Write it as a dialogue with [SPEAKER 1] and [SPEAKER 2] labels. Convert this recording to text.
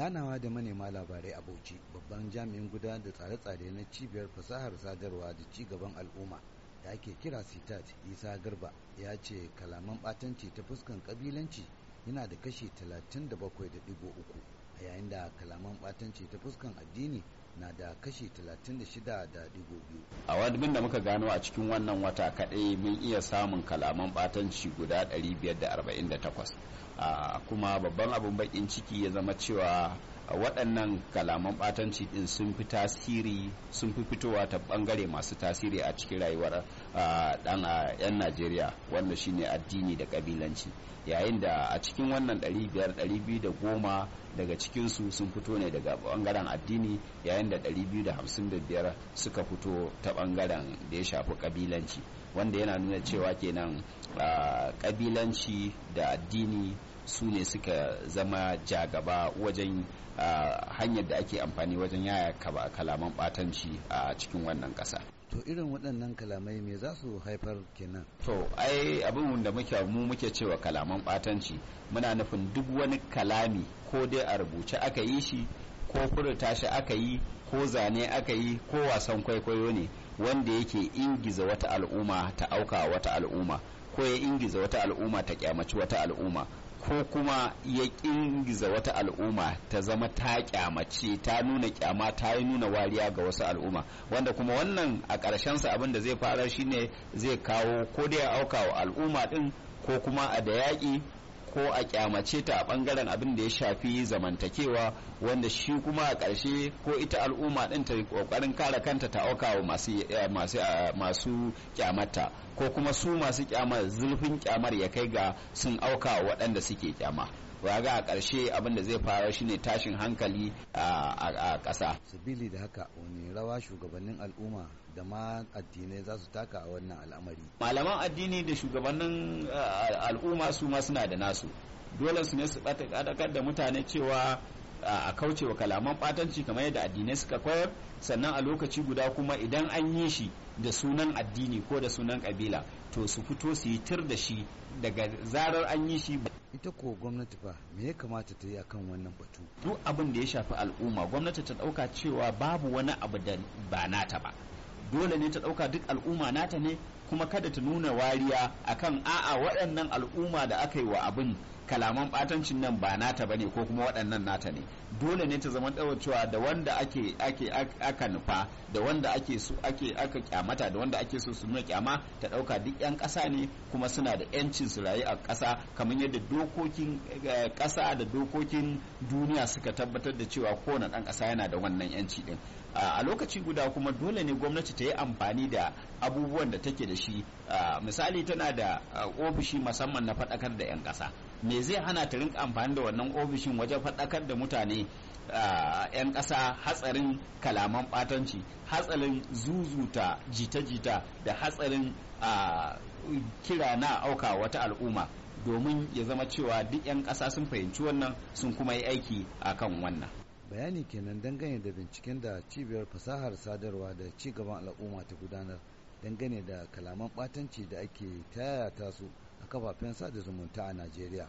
[SPEAKER 1] ganawa da manema labarai a bauchi babban jami'in guda da tsare-tsare na cibiyar fasahar sadarwa da ci gaban al'umma da ake kira sitat isa garba ya ce kalaman batanci ta fuskan ƙabilanci. yana da kashi 37.3 a yayin da kalaman batanci ta fuskan addini na da kashi 36.2
[SPEAKER 2] a wadmin da muka gano a cikin wannan wata kaɗai mun iya samun kalaman batanci guda 548 kuma babban abin bakin ciki ya zama cewa waɗannan kalaman ɓatanci ɗin sun fi tasiri sun fi fitowa ta ɓangare masu tasiri a cikin rayuwar ɗan yan najeriya wanda shine addini da ƙabilanci yayin da a cikin wannan 500-210 daga cikinsu sun fito ne daga ɓangaren addini yayin da 255 suka fito ta ɓangaren da ya shafi ƙabilanci wanda yana nuna cewa kenan kabilanci da addini su ne suka zama jagaba wajen hanyar da ake amfani wajen yaya kalaman batanci a cikin wannan kasa.
[SPEAKER 1] to irin waɗannan kalamai me za su haifar kenan
[SPEAKER 2] to ai abin da muke mu muke cewa kalaman batanci muna nufin duk wani kalami ko dai a rubuce aka yi shi ko furta shi aka yi ko zane aka yi ko wasan kwaikwayo ne wanda yake ingiza wata al'umma ta auka wata al'umma ko ya ingiza wata al'umma ta kyamaci wata al'umma ko kuma ya ingiza wata al'umma ta zama ta kyamace ta nuna kyama ta yi nuna wariya ga wasu al'umma wanda kuma wannan a ƙarshensa abin da zai fara shine zai kawo ko da ya auka wa al'umma din ko kuma a da yaƙi ko a kyamace ta a bangaren abin da ya shafi zamantakewa wanda shi kuma a ƙarshe ko ita al'umma ɗin ta ƙoƙarin kare kanta ta auka wa masu kyamata eh, eh, ko kuma su masu kyamar zurfin kyamar ya kai ga sun auka waɗanda suke kyama ga a ƙarshe abin da zai faru shine
[SPEAKER 1] tashin hankali a ƙasa sabili da haka wani rawa shugabannin al'umma da ma addinai za su taka a wannan al'amari malaman addini da shugabannin
[SPEAKER 2] al'umma su ma suna da nasu dole su ne su ɗaɗakar da mutane cewa a kaucewa kalaman batanci kamar yadda addinai suka koyar sannan a lokaci guda kuma idan an yi shi da sunan addini ko da sunan kabila to su fito su yi tir da shi daga zarar
[SPEAKER 1] an yi shi ita ko gwamnati ba me ya kamata ta yi akan wannan batu
[SPEAKER 2] duk abin da ya shafi al'umma gwamnati ta dauka cewa babu wani abu da ba nata ba dole ne ta dauka duk al'umma nata ne kuma kada ta nuna wariya akan a'a waɗannan al'umma da aka yi wa abin kalaman batancin nan ba nata ba ne ko kuma waɗannan nata ne dole ne ta zama cewa da wanda ake aka nufa da wanda ake so ake aka kyamata da wanda ake so su nuna kyama ta ɗauka duk yan ƙasa ne kuma suna da yancin su rayu a ƙasa kamar yadda dokokin eh, ƙasa da dokokin duniya suka tabbatar da cewa kowane ɗan ƙasa yana da wannan yanci ɗin a lokaci guda kuma dole ne gwamnati ta yi amfani da abubuwan da take da shi misali tana da ofishi musamman na faɗakar da 'yan ƙasa me zai hana ta rinka amfani da wannan ofishin wajen faɗakar da mutane yan ƙasa hatsarin kalaman ɓatanci hatsarin zuzuta jita-jita da hatsarin kira na auka wata al'umma domin ya zama cewa duk 'yan ƙasa sun fahimci wannan sun kuma yi aiki a kan wannan
[SPEAKER 1] bayani kenan dangane da binciken da cibiyar fasahar sadarwa da cigaban al'umma ta gudanar dangane da kalaman ɓatanci da ake tayata su a kafafen sada zumunta a najeriya